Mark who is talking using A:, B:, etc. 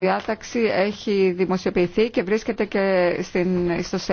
A: διάταξη έχει δημοσιοποιηθεί και βρίσκεται και στην ιστοσελίδα.